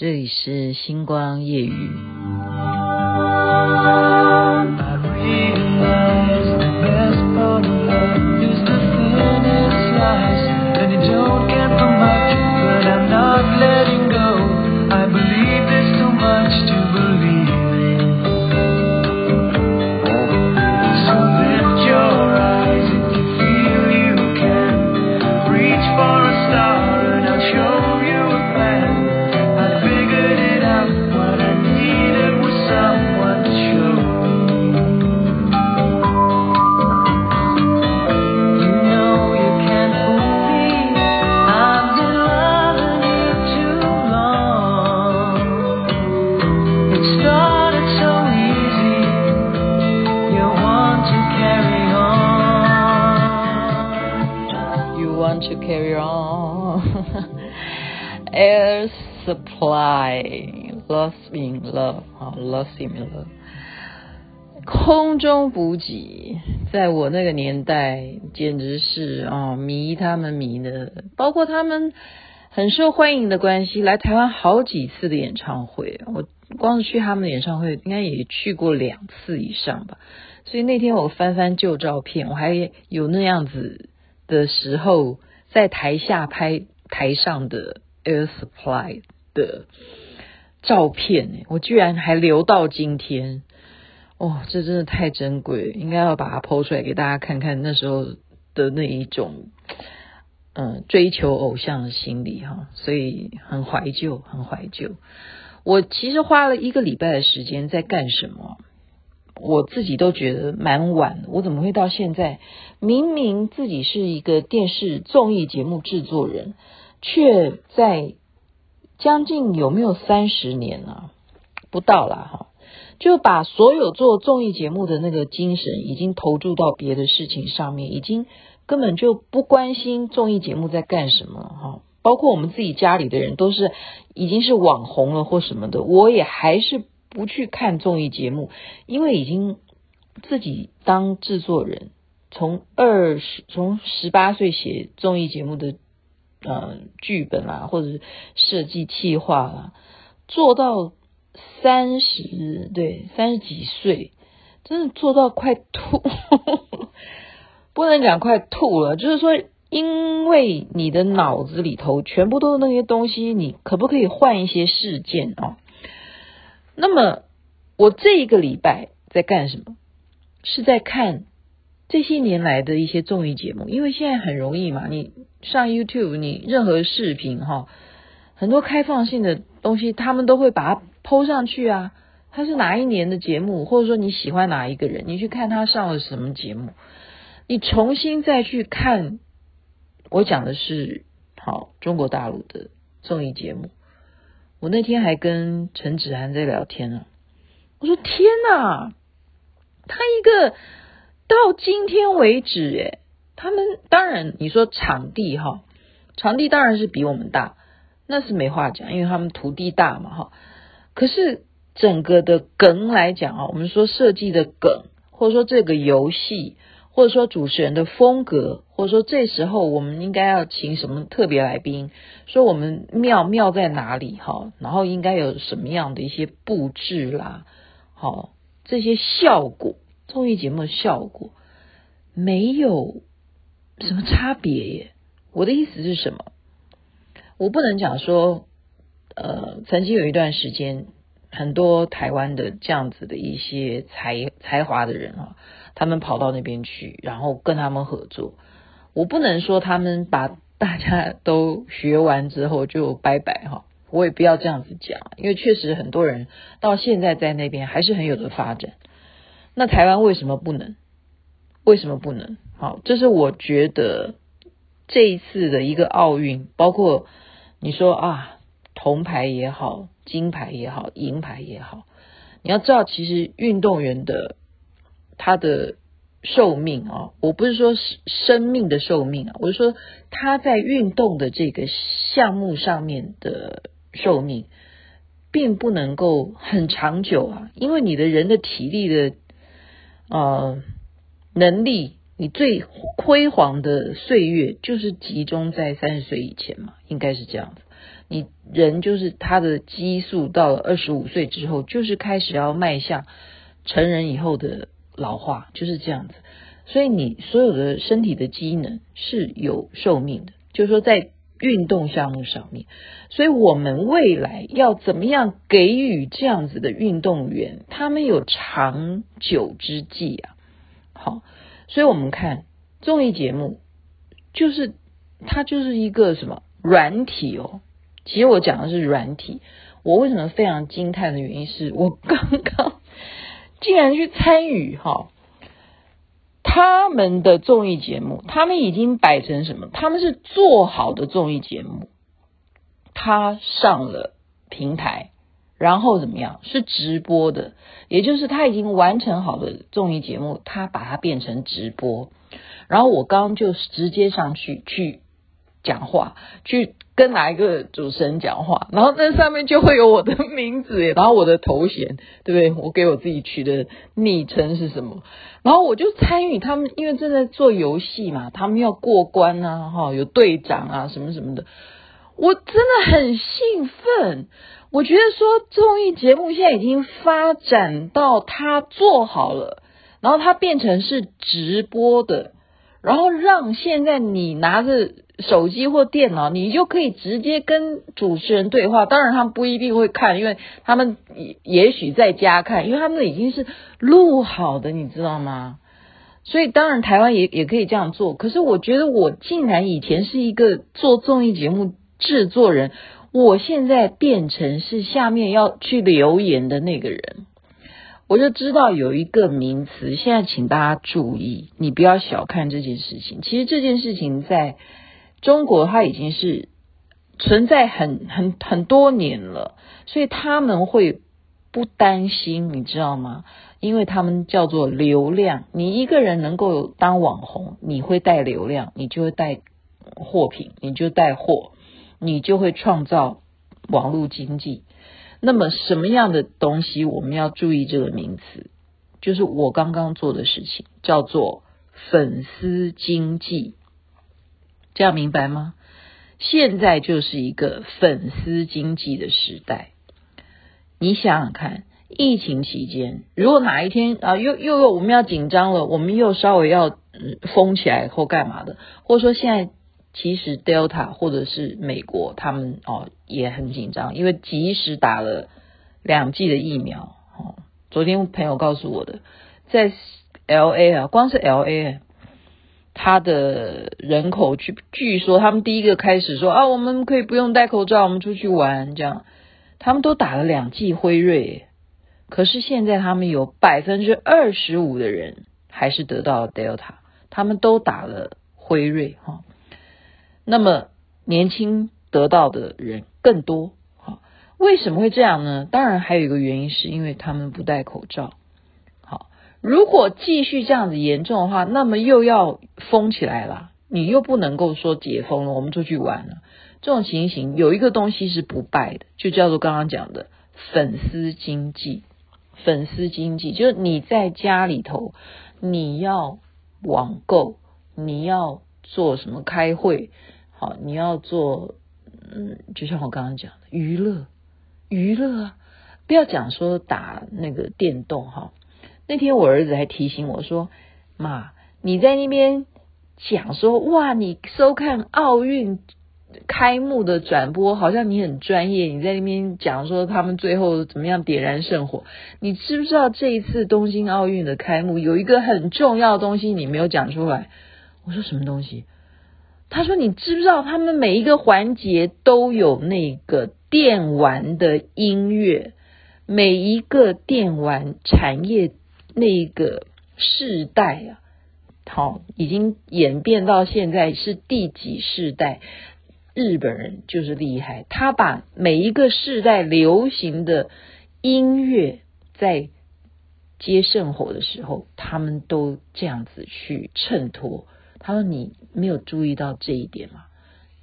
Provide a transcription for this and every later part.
這裡是星光夜語。Air Supply，Lost in Love，啊、oh,，Lost in Love，空中補給，在我那個年代簡直是啊、哦、迷他們迷的，包括他們很受歡迎的關係，來台灣好幾次的演唱會，我光是去他們的演唱會，應該也去過兩次以上吧。所以那天我翻翻舊照片，我還有那樣子的時候，在台下拍台上的。Air Supply 的照片，我居然還留到今天，哦，這真的太珍貴了，應該要把它拋出來給大家看看那時候的那一種，嗯，追求偶像的心理哈，所以很懷舊，很懷舊。我其實花了一個禮拜的時間在幹什麼？我自己都覺得蠻晚的，我怎麼會到現在？明明自己是一個電視綜藝節目製作人，却在將近有沒有三十年了，啊，不到了哈，啊，就把所有做綜藝節目的那個精神已經投注到別的事情上面，已經根本就不關心綜藝節目在幹什麼哈，啊。包括我們自己家裡的人都是已經是網紅了或什麼的，我也還是。不去看綜藝節目，因為已經自己當製作人，從二十從十八歲寫綜藝節目的嗯、呃，劇本啦、啊，或者是設計企劃啦，做到三十對三十幾歲，真的做到快吐，呵呵不能講快吐了，就是說，因為你的腦子裡頭全部都是那些東西，你可不可以換一些事件啊？那麼，我這一個禮拜在幹什麼？是在看這些年來的一些綜藝節目，因為現在很容易嘛，你上 YouTube，你任何視頻哈、哦，很多開放性的東西，他們都會把它 PO 上去啊。它是哪一年的節目，或者說你喜歡哪一個人，你去看他上了什麼節目，你重新再去看。我講的是好，中國大陸的綜藝節目。我那天還跟陳芷涵在聊天呢，我說天哪，他一個到今天為止，哎，他們當然你說場地哈，場地當然是比我們大，那是沒話講，因為他們土地大嘛哈。可是整個的梗來講啊，我們說設計的梗，或者說這個遊戲。或者說主持人的風格，或者說這時候我們應該要請什麼特別來賓？說我們妙妙在哪裡？哈，然後應該有什麼樣的一些布置啦？好，這些效果，綜藝節目的效果，沒有什麼差別耶。我的意思是什麼？我不能講說，呃，曾經有一段時間。很多台灣的這樣子的一些才才華的人啊，他們跑到那邊去，然後跟他們合作。我不能說他們把大家都學完之後就拜拜哈，我也不要這樣子講，因為確實很多人到現在在那邊還是很有的發展。那台灣為什麼不能？為什麼不能？好，這是我覺得這一次的一個奧運，包括你說啊。銅牌也好，金牌也好，銀牌也好，你要知道，其實運動員的他的壽命啊、哦，我不是說生命的壽命啊，我是說他在運動的這個項目上面的壽命，並不能夠很長久啊，因為你的人的體力的呃能力，你最輝煌的歲月就是集中在三十歲以前嘛，應該是這樣子。你人就是他的激素到了二十五歲之後，就是開始要邁向成人以後的老化，就是這樣子。所以你所有的身體的機能是有壽命的，就是說在運動項目上面。所以我們未來要怎麼樣給予這樣子的運動員，他們有長久之計啊？好，所以我們看綜藝節目，就是它就是一個什麼軟體哦。其實我講的是軟體。我為什麼非常驚嘆的原因是，我剛剛竟然去參與哈他們的綜藝節目。他們已經擺成什麼？他們是做好的綜藝節目，他上了平台，然後怎麼樣？是直播的，也就是他已經完成好的綜藝節目，他把它變成直播。然後我剛就直接上去去，講話去跟哪一個主持人講話，然後那上面就會有我的名字，然後我的頭銜，對不對？我給我自己取的昵稱是什麼？然後我就參與他們，因為正在做遊戲嘛，他們要過關啊，哈、哦，有隊長啊，什麼什麼的，我真的很興奮。我覺得說綜藝節目現在已經發展到他做好了，然後它變成是直播的。然後讓現在你拿着手機或電腦，你就可以直接跟主持人對話。當然，他們不一定會看，因為他們也也許在家看，因為他們已經是錄好的，你知道嗎？所以，當然台灣也也可以這樣做。可是，我覺得我竟然以前是一個做綜藝節目製作人，我現在變成是下面要去留言的那個人。我就知道有一個名詞，現在請大家注意，你不要小看這件事情。其實這件事情在中國它已經是存在很很很多年了，所以他們會不擔心，你知道嗎？因為他們叫做流量，你一個人能夠當網紅，你會帶流量，你就會帶貨品，你就帶貨，你就會創造網絡經濟。那麼什麼樣的東西我們要注意？這個名詞就是我剛剛做的事情，叫做粉絲經濟，這樣明白嗎？現在就是一個粉絲經濟的時代。你想想看，疫情期間，如果哪一天啊，又又又我們要緊張了，我們又稍微要嗯封起來或幹嘛的，或者說現在。其實 Delta 或者是美國，他們哦也很緊張，因為即使打了兩劑的疫苗，哦，昨天朋友告訴我的，在 LA 啊，光是 LA，他的人口據據說他們第一個開始說啊，我們可以不用戴口罩，我們出去玩這樣，他們都打了兩劑輝瑞，可是現在他們有百分之二十五的人還是得到了 Delta，他們都打了輝瑞哈。哦那麼年輕得到的人更多，好，為什麼會這樣呢？當然還有一個原因，是因為他們不戴口罩。好，如果繼續這樣子嚴重的話，那麼又要封起來了。你又不能夠說解封了，我們出去玩了。這種情形有一個東西是不敗的，就叫做剛剛講的粉絲經濟。粉絲經濟就是你在家裡頭，你要網購，你要做什麼開會。好，你要做，嗯，就像我剛剛講的，娛樂，娛樂啊，不要講說打那個電動哈、哦。那天我兒子還提醒我說：“媽，你在那邊講說哇，你收看奧運開幕的轉播，好像你很專業。你在那邊講說他們最後怎麼樣點燃聖火，你知不知道這一次東京奧運的開幕有一個很重要的東西你沒有講出來？”我說：“什麼東西？”他說：“你知不知道，他們每一個環節都有那個電玩的音樂，每一個電玩產業那個世代啊，好，已經演變到現在是第幾世代？日本人就是厲害，他把每一個世代流行的音樂，在接聖火的時候，他們都這樣子去襯托。”他說：“你沒有注意到這一點嗎？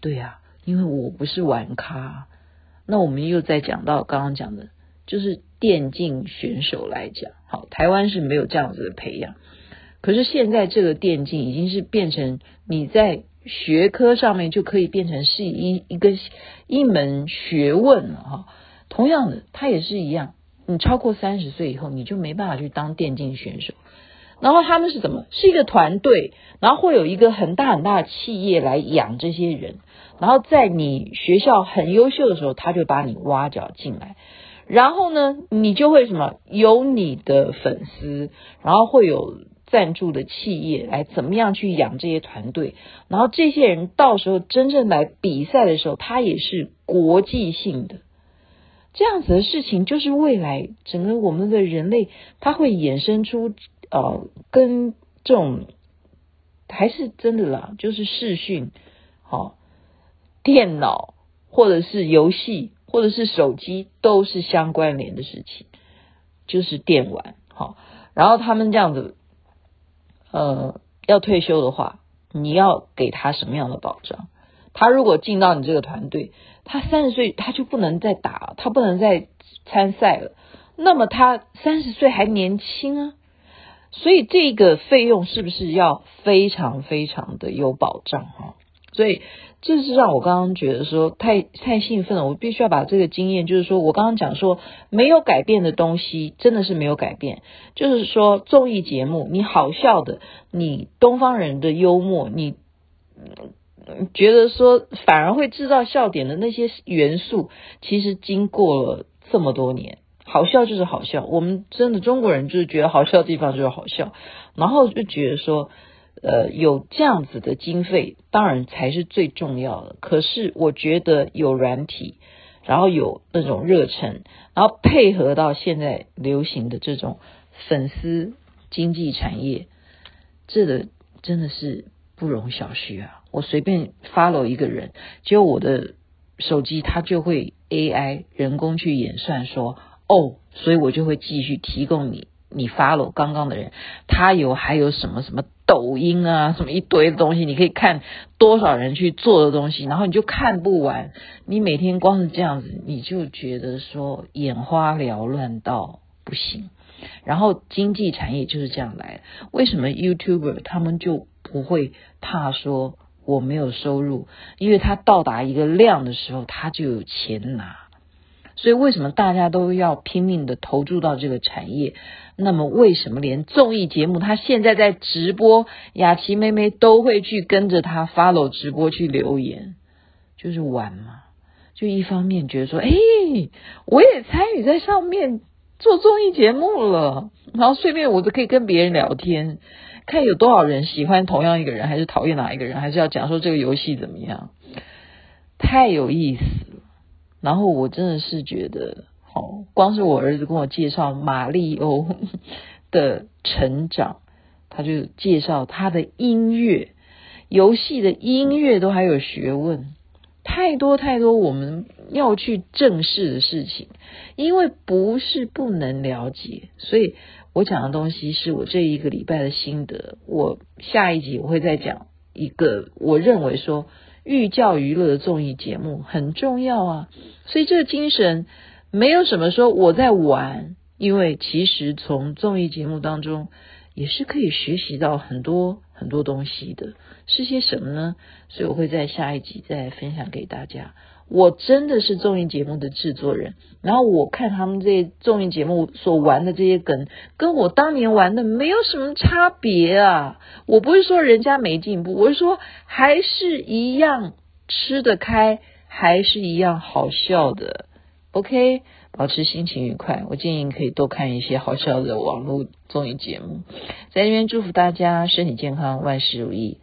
對呀，啊，因為我不是玩咖。那我們又再講到剛剛講的，就是電競選手來講，好，台灣是沒有這樣子的培養。可是現在這個電競已經是變成你在學科上面就可以變成是一一個一門學問了哈。同樣的，他也是一樣，你超過三十歲以後，你就沒辦法去當電競選手。”然後他們是怎麼？是一個團隊，然後會有一個很大很大的企業來養這些人。然後在你學校很優秀的時候，他就把你挖角進來。然後呢，你就會什麼？有你的粉絲，然後會有贊助的企業來怎麼樣去養這些團隊。然後這些人到時候真正來比賽的時候，他也是國際性的。這樣子的事情就是未來整個我們的人類，他會衍生出。哦，跟這種還是真的啦，就是視訊，好、哦，電腦或者是遊戲或者是手機都是相關聯的事情，就是電玩，好、哦。然後他們這樣子，呃，要退休的話，你要給他什麼樣的保障？他如果進到你這個團隊，他三十歲他就不能再打，他不能再參賽了。那麼他三十歲還年輕啊。所以這個費用是不是要非常非常的有保障哈、啊？所以這是讓我剛剛覺得說太太興奮了。我必須要把這個經驗，就是說我剛剛講說沒有改變的東西，真的是沒有改變。就是說綜藝節目，你好笑的，你東方人的幽默，你嗯覺得說反而會制造笑點的那些元素，其實經過了這麼多年。好笑就是好笑，我們真的中國人就是覺得好笑的地方就是好笑，然後就覺得說，呃，有這樣子的經費，當然才是最重要的。可是我覺得有軟體，然後有那種熱忱，然後配合到現在流行的這種粉絲經濟產業，這個真的是不容小覷啊！我隨便 follow 一個人，結果我的手機它就會 AI 人工去演算說。哦、oh，所以我就會繼續提供你，你 follow 剛剛的人，他有還有什麼什麼抖音啊，什麼一堆的東西，你可以看多少人去做的東西，然後你就看不完，你每天光是這樣子，你就覺得說眼花繚亂到不行。然後經濟產業就是這樣來的，為什麼 YouTuber 他們就不會怕說我沒有收入？因為他到達一個量的時候，他就有錢拿。所以為什麼大家都要拼命的投注到這個產業？那麼為什麼連綜藝節目，他現在在直播，雅琪妹妹都會去跟着他 follow 直播去留言，就是玩嘛？就一方面覺得說，哎，我也參與在上面做綜藝節目了，然後順便我就可以跟別人聊天，看有多少人喜歡同樣一個人，還是討厭哪一個人，還是要講說這個遊戲怎麼樣？太有意思。然後我真的是覺得，好，光是我兒子跟我介紹瑪麗歐的成長，他就介紹他的音樂、遊戲的音樂都還有學問，太多太多我們要去正視的事情，因為不是不能了解，所以我講的東西是我這一個禮拜的心得，我下一集我會再講一個，我認為說。寓教於樂的綜藝節目很重要啊，所以這個精神沒有什麼說我在玩，因為其實從綜藝節目當中也是可以學習到很多。很多東西的，是些什麼呢？所以我會在下一集再分享給大家。我真的是綜藝節目的製作人，然後我看他們這綜藝節目所玩的這些梗，跟我當年玩的沒有什麼差別啊。我不是說人家沒進步，我是說還是一樣吃得開，還是一樣好笑的。OK。保持心情愉快，我建議可以多看一些好笑的網絡綜藝節目。在這邊祝福大家身體健康，萬事如意。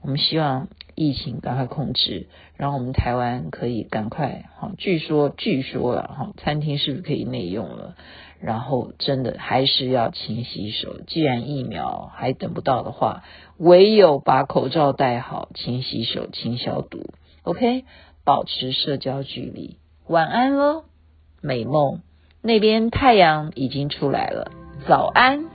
我們希望疫情趕快控制，然後我們台灣可以趕快哈、哦。據說，據說了哈、哦，餐廳是不是可以內用了？然後真的還是要勤洗手。既然疫苗還等不到的話，唯有把口罩戴好，勤洗手，勤消毒。OK，保持社交距離。晚安嘍、哦。美夢，那邊太陽已經出來了，早安。